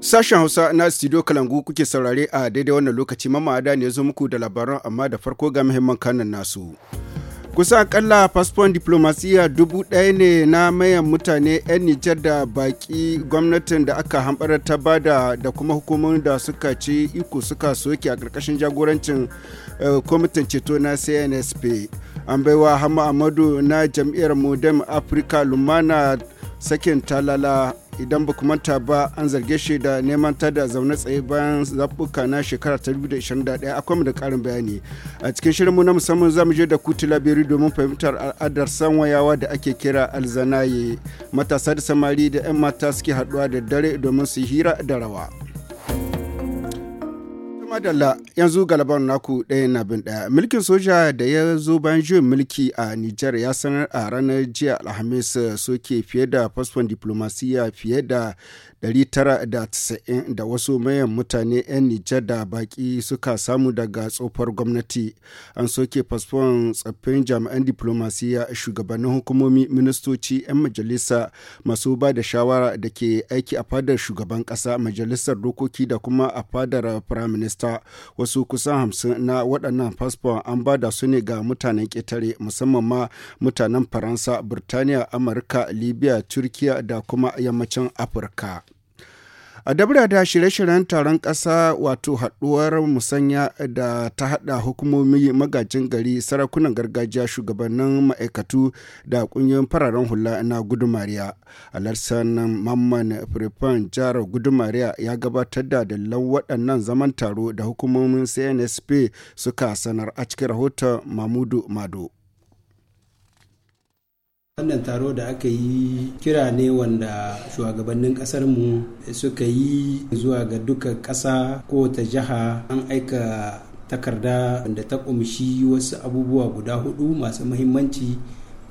Sashen Hausa na Studio Kalangu kuke saurare a daidai wannan lokaci mamada ne ya zo muku da labaran amma da farko ga muhimman kanan nasu. kusa akalla fasfon diplomasiya dubu ɗaya ne na mayan mutane 'yan nijar da baƙi gwamnatin da aka hambara ta bada da kuma hukumomin da suka ci iko suka soke a ƙarƙashin jagorancin eh, kwamitin ceto na cnsp an baiwa hama amadu na jam'iyyar modem afirka lumana sakin talala idan ba manta ba an zarge shi da neman ta da zaune tsaye bayan zaɓuka na shekara 2021 akwai mu da ƙarin bayani a cikin shirinmu na musamman zamu je da kuti labiri domin fahimtar al'adar sanwayawa da ake kira alzanaye matasa da samari da 'yan mata suke haɗuwa da dare domin su hira da rawa. madalla yanzu galaban naku ɗaya na bin ɗaya mulkin soja da ya zo bayan juyin mulki a nijar ya sanar a ranar jiya alhamis eh, soke fiye da fasfon diplomasiya fiye da 990 da wasu mayan mutane 'yan niger da baki suka samu daga tsofar gwamnati an soke fasfon tsaffin jami'an diplomasiya shugabannin hukumomi ministoci 'yan majalisa masu ba da shawara da ke aiki a fadar shugaban ƙasa majalisar dokoki da kuma a fadar firaminista wasu kusan hamsin na waɗannan fasfon an ba da su ne ga mutanen ƙetare musamman ma mutanen Faransa, Birtaniya, Amurka, Libya, Turkiya da kuma yammacin Afirka. a dabra da shirye-shiryen taron ƙasa wato haɗuwar musanya da ta haɗa hukumomi magajin gari sarakunan gargajiya shugabannin ma'aikatu da ƙungiyoyin fararen hula na gudumariya alarsan mamman firifan jihar gudumariya ya gabatar da dalilan waɗannan zaman taro da hukumomin cnsp suka sanar a cikin rahoton mamudu mado wannan taro da aka yi kira ne wanda shugabannin mu suka yi zuwa ga duka ƙasa ko ta jiha an aika takarda wanda ta kumshi wasu abubuwa guda hudu masu mahimmanci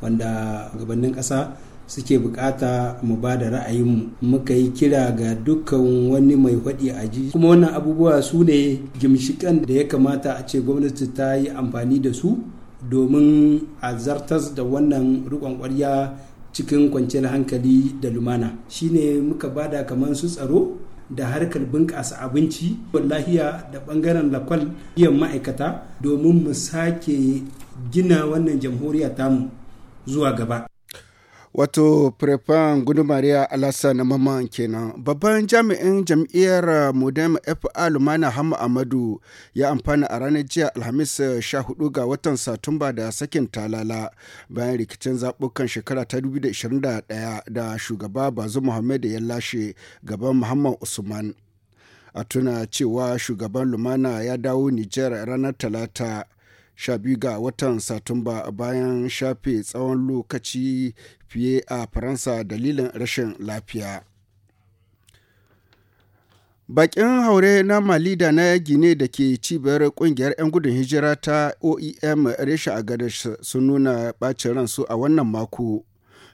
wanda gabanin ƙasa suke bukata mu ba da ra'ayinmu muka yi kira ga dukkan wani mai haɗi a ji kuma wannan abubuwa su ne gimshikan da ya kamata a ce gwamnati ta yi amfani da su domin a zartas da wannan rikon kwarya cikin kwanciyar hankali da lumana shine muka bada kamar su tsaro da harkar bunƙasa abinci lahiya da ɓangaren lakwal biyan ma'aikata domin mu sake gina wannan jamhuriya tamu zuwa gaba wato prefan gudumariya na maman kenan babban jami'in jam'iyyar modem fa lumana hamu amadu ya amfana a ranar jiya alhamis 14 eh, ga watan satumba da sakin talala bayan rikicin zaɓukan shekara ta 2021 da shugaba bazu muhammad ya lashe gaban muhammad usman a tuna cewa shugaban lumana ya dawo nijar ranar talata 12 ga watan Satumba bayan shafe tsawon lokaci fiye a Faransa dalilin rashin lafiya. Bakin haure na malida na Gine da ke cibiyar kungiyar 'yan gudun hijira ta OEM resha a gada su nuna ɓacin ransu a wannan mako.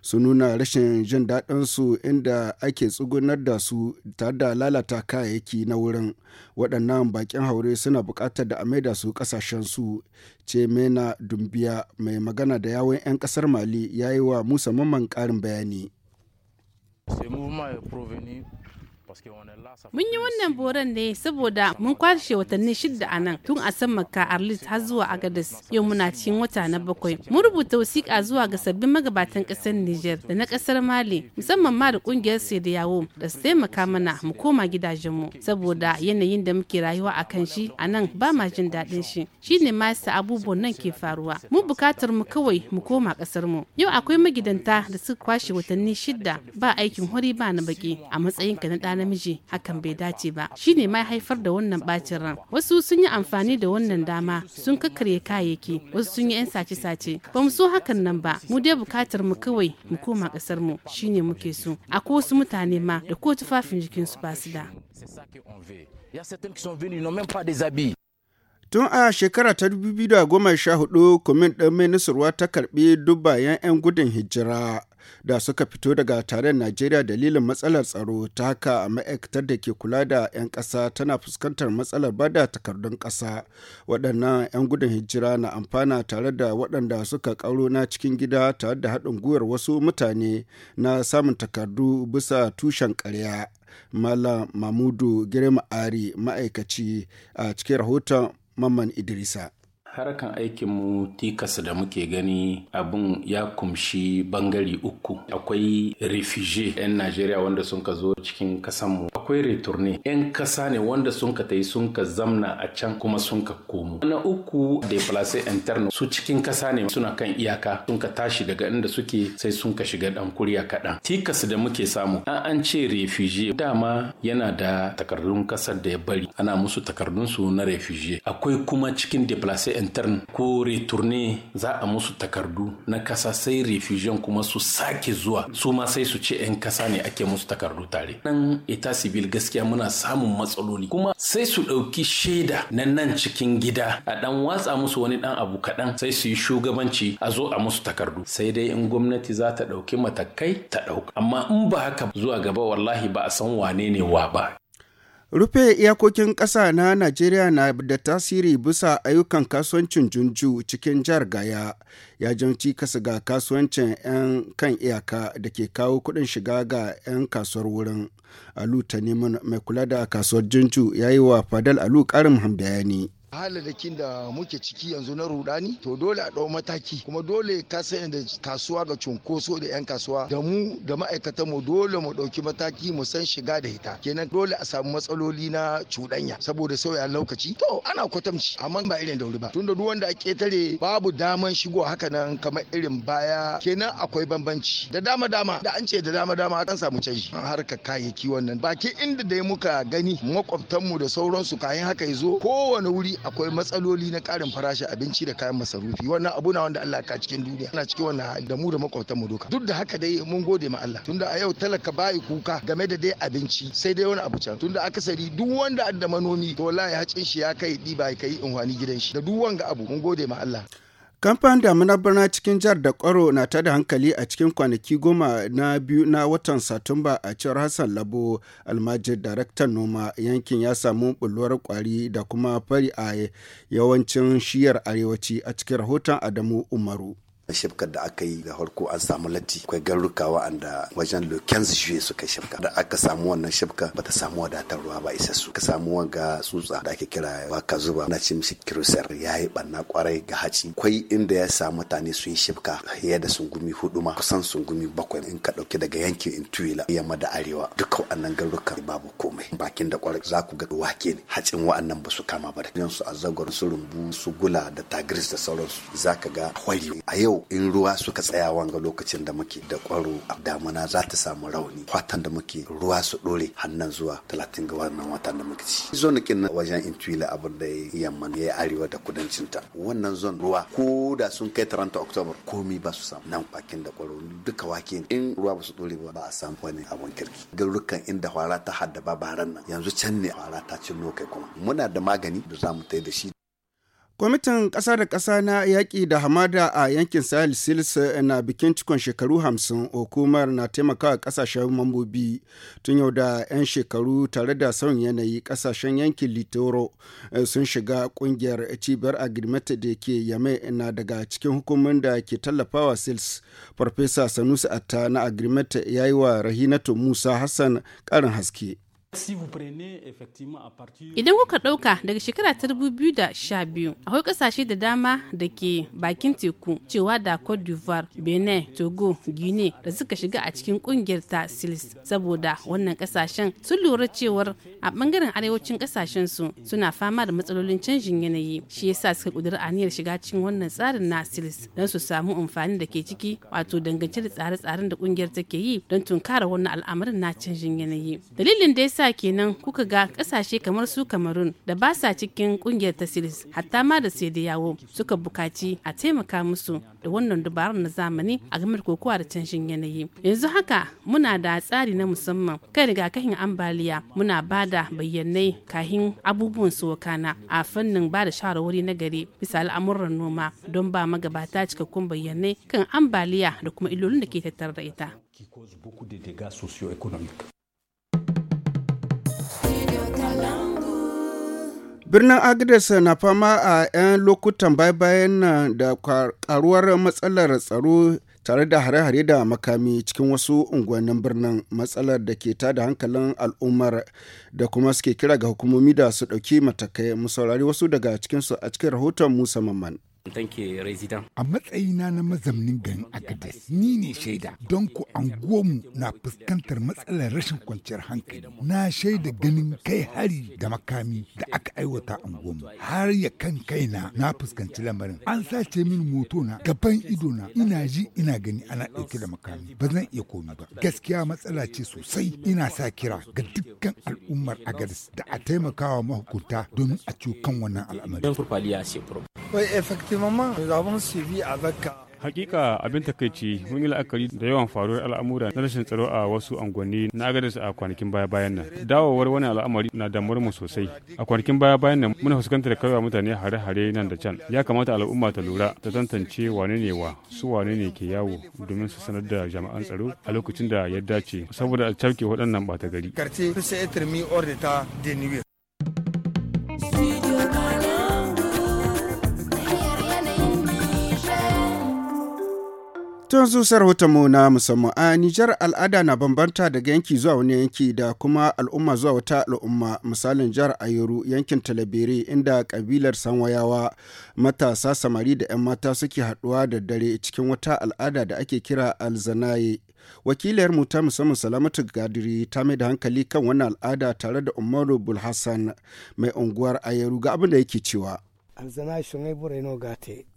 su nuna rashin jin daɗinsu inda ake tsugunar da su tare da lalata kayayyaki na wurin waɗannan bakin haure suna buƙatar da a maida su ƙasashensu ce mena dumbiya mai magana da yawon 'yan ƙasar mali ya yi wa musamman ƙarin bayani Mun yi wannan boran ne saboda mun kwashe watanni shida a nan tun a san maka Arlit har zuwa Agadis, yau muna cikin wata na bakwai. Mun rubuta wasiƙa zuwa ga sabbin magabatan ƙasar Nijar da na ƙasar Mali musamman ma da ƙungiyar yawo da su taimaka mana mu koma gidajenmu saboda yanayin da muke rayuwa a kan shi a nan ba ma jin daɗin shi shi ne ma yasa abubuwan nan ke faruwa. Mu buƙatar mu kawai mu koma ƙasar mu. Yau akwai magidanta da suka kwashe watanni shida ba aikin hori ba na baƙi, a matsayin ka na ɗana namiji hakan bai dace ba shine mai haifar da wannan bacin ran wasu sun yi amfani da wannan dama sun kakkarye kayayyaki wasu sun yi 'yan sace-sace ba mu so hakan nan ba mu dai bukatar mu kawai mu koma kasar mu shine muke so akwai wasu mutane ma da ko tufafin jikin ba su da Tun a shekara ta 2014, kumin ɗin Minisruwa ta karɓi dubbayan 'yan gudun hijira. da suka fito daga tarayyar Najeriya dalilin matsalar tsaro ta haka ma'aikatar da ke kula da 'yan ƙasa tana fuskantar matsalar bada takardun ƙasa. Waɗannan 'yan gudun hijira na amfana tare da waɗanda suka ƙaro na cikin gida tare da haɗin gwiwar wasu mutane na samun takardu bisa tushen ƙarya. Malam Mamudu Girma Ari ma'aikaci a cikin rahoton Mamman Idrisa. harkan aikinmu tikas da muke gani abin ya kumshi bangare uku akwai refugee 'yan najeriya wanda sun ka zo cikin kasanmu akwai returne 'yan kasa ne wanda sun ka tai sun ka zamna a can kuma sun ka komo na uku deplace interne su cikin kasa ne suna kan iyaka sun ka tashi daga inda suke sai sun ka shiga dan kuriya kaɗan tikas da muke samu an an ce refugee dama yana da takardun kasar da ya bari ana musu takardun su na refugee akwai kuma cikin deplace intern ko returne za a musu takardu na kasa sai refusion kuma su sake zuwa su ma sai su ce 'yan kasa ne ake musu takardu tare nan ita civil gaskiya muna samun matsaloli kuma sai su ɗauki shaida na nan cikin gida a dan watsa musu wani dan abu kaɗan sai su yi shugabanci a zo a musu takardu sai dai in gwamnati za ta ɗauki matakai ta ɗauka amma in ba haka zuwa gaba wallahi ba a san wane ne wa ba Rufe iyakokin ƙasa na Najeriya na da tasiri bisa ayyukan kasuwancin Junju cikin jihar Gaya, ya janci kasa ga kasuwancin 'yan kan iyaka da ke kawo kuɗin shiga ga 'yan kasuwar wurin. Alu neman mai kula da kasuwar Junju ya yi wa Fadal Alu ƙarin bayani. haladakin da muke ciki yanzu na rudani to dole a ɗau mataki kuma dole ka san da kasuwa ga cunkoso da 'yan kasuwa da mu da ma'aikatan mu dole mu ɗauki mataki mu san shiga da hita kenan dole a samu matsaloli na cuɗanya saboda sauya lokaci to ana kwatamci amma ba irin da wuri ba tunda duk wanda a ketare babu daman shigo haka nan kamar irin baya kenan akwai bambanci da dama dama da an ce da dama dama an samu canji an harka kayayyaki wannan baki inda dai muka gani makwabtanmu da sauransu kayan haka yazo kowane wuri akwai matsaloli na karin farashin abinci da kayan masarufi wannan abu na wanda Allah ka cikin duniya ana cikin wannan hali da mu da makwatan mu duka duk da haka dai mun gode ma Allah tunda a yau talaka bai kuka game da dai abinci sai dai wani abu can tunda akasari duk wanda adda manomi to wallahi hacin shi ya kai diba kai in wani gidan shi da duk wanga abu mun gode ma Allah Kamfan damuna birna cikin jihar da kwaro na ta da hankali a cikin kwanaki goma na biyu na watan Satumba a cewar Hassan Labo almajir daraktan noma yankin ya samu bulwar kwari da kuma fari a yawancin shiyar arewaci a cikin rahoton Adamu Umaru. na shafkar da aka yi da harko an samu latti akwai garuruka waɗanda wajen lokens juye su suka shafka da aka samu wannan shafka bata samu wadatar ruwa ba isa su ka samu wanga tsutsa da ake kira waka zuba na ce mishi kirusar ya yi ɓanna kwarai ga haci kwai inda ya sa mutane sun shafka ya da sungumi hudu ma kusan sungumi bakwai in ka ɗauki daga yankin intuila yamma da arewa duka waɗannan garuruka babu komai bakin da kwarai za ku ga wake ne hacin waɗannan ba su kama ba da su a zagwar su rumbu su gula da tagris da sauransu za ka ga hwari a yau in ruwa suka tsaya wanga lokacin da muke da kwaro a damuna za ta samu rauni fatan da muke ruwa su dore hannan zuwa talatin ga wannan watan da muke ci zonikin na wajen intuila abin da yamma ya yi arewa da kudancin ta wannan zon ruwa ko da sun kai taranta october komi ba su samu nan bakin da kwaro duka wake in ruwa ba su dore ba ba a samu wani abun kirki garurukan inda hwara ta haddaba baran nan yanzu can ne hwara ta cin kai kuma muna da magani da za mu tai da shi Kwamitin ƙasa da ƙasa na yaƙi da hamada a yankin Sahel Sils eh, na bikin cikon shekaru hamsin hukumar na taimakawa ƙasashen mambobi tun yau da 'yan shekaru tare da sauyin yanayi ƙasashen yankin Litoro eh, sun shiga ƙungiyar cibiyar agrimeta da ke yame na daga cikin hukumar da ke tallafawa Sils. Farfesa Sanusi Atta na agrimeta ya yi wa Rahinatu Musa Hassan ƙarin haske. Idan kuka ɗauka daga shekara ta biyu da sha biyu akwai ƙasashe da dama da ke bakin teku cewa da Cote d'Ivoire, Benin, Togo, Guinea da suka shiga a cikin ƙungiyar ta SILS saboda wannan ƙasashen sun lura cewar a ɓangaren arewacin ƙasashen su suna fama da matsalolin canjin yanayi shi yasa suka ƙudiri aniyar shiga cikin wannan tsarin na SILS don su samu amfani da ke ciki wato dangance da tsare-tsaren da ƙungiyar take yi don tunkara wannan al'amarin na canjin yanayi. Dalilin da yasa yasa kenan kuka ga kasashe kamar su kamarun da ba sa cikin kungiyar ta silis hatta ma da sai da yawo suka bukaci a taimaka musu da wannan dubarar na zamani a game da kokowa da canjin yanayi yanzu haka muna da tsari na musamman kan rigakafin ambaliya muna ba da bayyanai kahin abubuwan su wakana a fannin ba da shawarwari na gari bisa al'amuran noma don ba magabata cikakkun bayyanai kan ambaliya da kuma illolin da ke tattare da ita. Birnin agnes na fama a 'yan lokutan baya-bayan nan da karuwar matsalar tsaro tare da hare-hare da makami cikin wasu unguwannin birnin matsalar da ke ta da hankalin al'ummar da kuma suke kira ga hukumomi da su ɗauki matakai mu saurari wasu daga cikinsu a cikin rahoton Musa Mamman. you, resident. A matsayina na mazamnin garin Agadez ni ne shaida don ku anguwanmu na fuskantar matsalar rashin kwanciyar hankali. Na shaida ganin kai hari da makami da aka aiwata anguwanmu har ya kan kaina na fuskanci lamarin. An sace min moto na gaban ido na ina ji ina gani ana ɗauke da makami ba zan iya komi ba. Gaskiya matsala ce sosai ina sa kira ga dukkan al'ummar Agadez da a taimakawa mahukunta domin a ciwo kan wannan al'amari. Euh, Hakika abin takaici mun yi la'akari da yawan faruwar al'amura na rashin tsaro a wasu angonni na agadis a kwanakin baya bayan nan. Dawowar wani al'amari na damar mu sosai. A kwanakin baya bayan nan muna fuskantar karwa mutane hare-hare nan da can. Ya kamata al'umma ta lura ta tantance wane ne wa su wane ne ke yawo domin su sanar da jama'an tsaro a lokacin da ya dace saboda a cafke waɗannan ɓata gari. Tun zusar mu na musamman a Nijar al'ada na bambanta daga yanki zuwa wani yanki da kuma al'umma zuwa wata al'umma misalin jihar ayoru yankin Talabere inda kabilar Sanwayawa matasa samari da 'yan mata suke haɗuwa da dare cikin wata al'ada da ake kira alzanaye. Wakilayar mu ta musamman Salamatu Gadiri ta mai da hankali kan wannan al'ada tare da Umaru Bulhassan mai unguwar ayoru ga abin da yake cewa.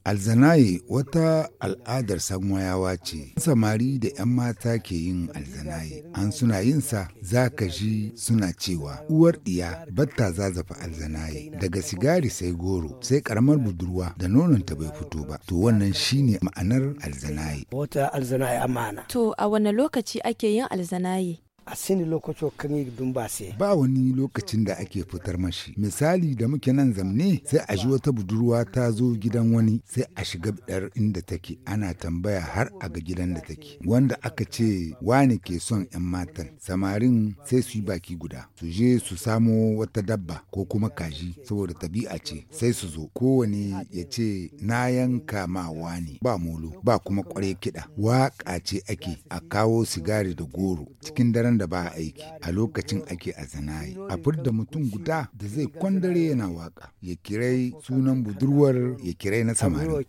Alzanaye wata al'adar sanwayawa ce, samari da 'yan mata ke yin alzanaye, an suna yinsa za ka ji suna cewa uwar ɗiya batta zazzafa alzanaye daga sigari sai goro sai karamar budurwa da nononta bai fito ba, to wannan shine ma'anar alzanaye. Wata alzanaye amana. To a wane lokaci ake yin alzanaye? a lokaci kan yi dumbase. Ba wani lokacin da ake fitar mashi. Misali da muke nan zamne sai a ji wata budurwa ta zo gidan wani sai a shiga bidar inda take ana tambaya har a ga gidan da take. Wanda aka ce wani ke son 'yan matan. Samarin sai su yi baki guda. Su je su samo wata dabba ko kuma kaji saboda tabi'a ce sai su zo kowane ya ce na yanka ma wani ba molo ba kuma kwarai kiɗa. Waƙa ce ake a kawo sigari da goro cikin daren da ba aiki a lokacin ake a zanayi a furda mutum guda da zai kwandare yana waka ya kirai sunan budurwar ya kirai na samari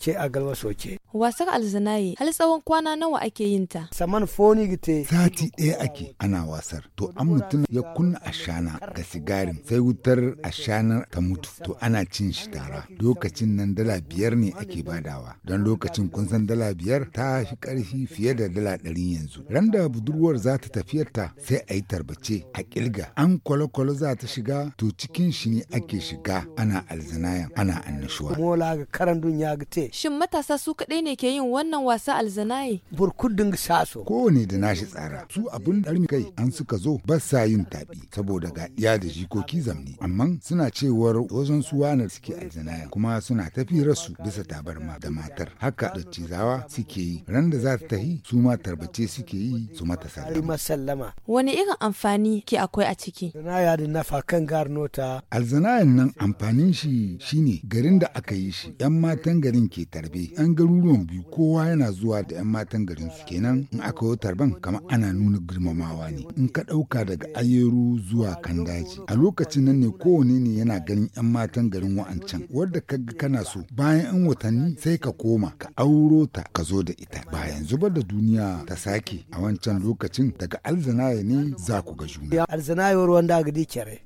wasar alzanaye hal tsawon kwana nawa ake yin ta saman foni gite sati ɗaya ake ana wasar to an mutum ya kunna ashana ga sigarin sai wutar ashana. ta mutu to ana cin shi tara lokacin nan dala biyar ne ake badawa don lokacin kun san dala biyar ta fi ƙarfi fiye da dala ɗari yanzu randa budurwar za ta tafiyarta sai a yi tarbace a kilga an kwalokwalo za ta shiga to cikin shi ne ake shiga ana alzinayan ana annashuwa. Mola ga karan dunya ga te. Shin matasa su kaɗai ne ke yin wannan wasa alzinaye? Burkudin saso. Kowane da nashi tsara su abun ɗarmi kai an suka zo ba sa yin tabi saboda ga ɗiya da jikoki zamni amma suna cewar wajen su wanar suke alzinayan kuma suna tafi rasu bisa tabarma da matar haka da cizawa suke yi ran da za ta tahi su ma tarbace suke yi su mata sallama. wani irin amfani ke akwai a ciki zinaya da nafa kan nan amfanin shi shine garin da aka yi shi yan matan garin ke tarbe yan garuruwan biyu kowa yana zuwa da yan matan garin su kenan in aka yi tarban kamar ana nuna girmamawa ne in ka ɗauka daga ayeru zuwa kan daji a lokacin nan ne kowane ne yana ganin yan matan garin wa'ancan wadda ka ga kana so bayan yan watanni sai ka koma ka auro ta ka zo da ita ba yanzu ba da duniya ta sake a wancan lokacin daga alzana waye ni za ku ga juna. Arzina yi ruwan da gidi kere.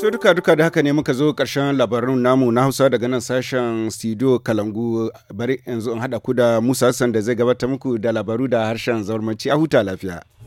To duka duka da haka ne muka zo karshen labarin namu na Hausa daga nan sashen studio Kalangu bari yanzu in haɗa ku da Musa Hassan da zai gabata muku da labaru da harshen zaurmanci a huta lafiya.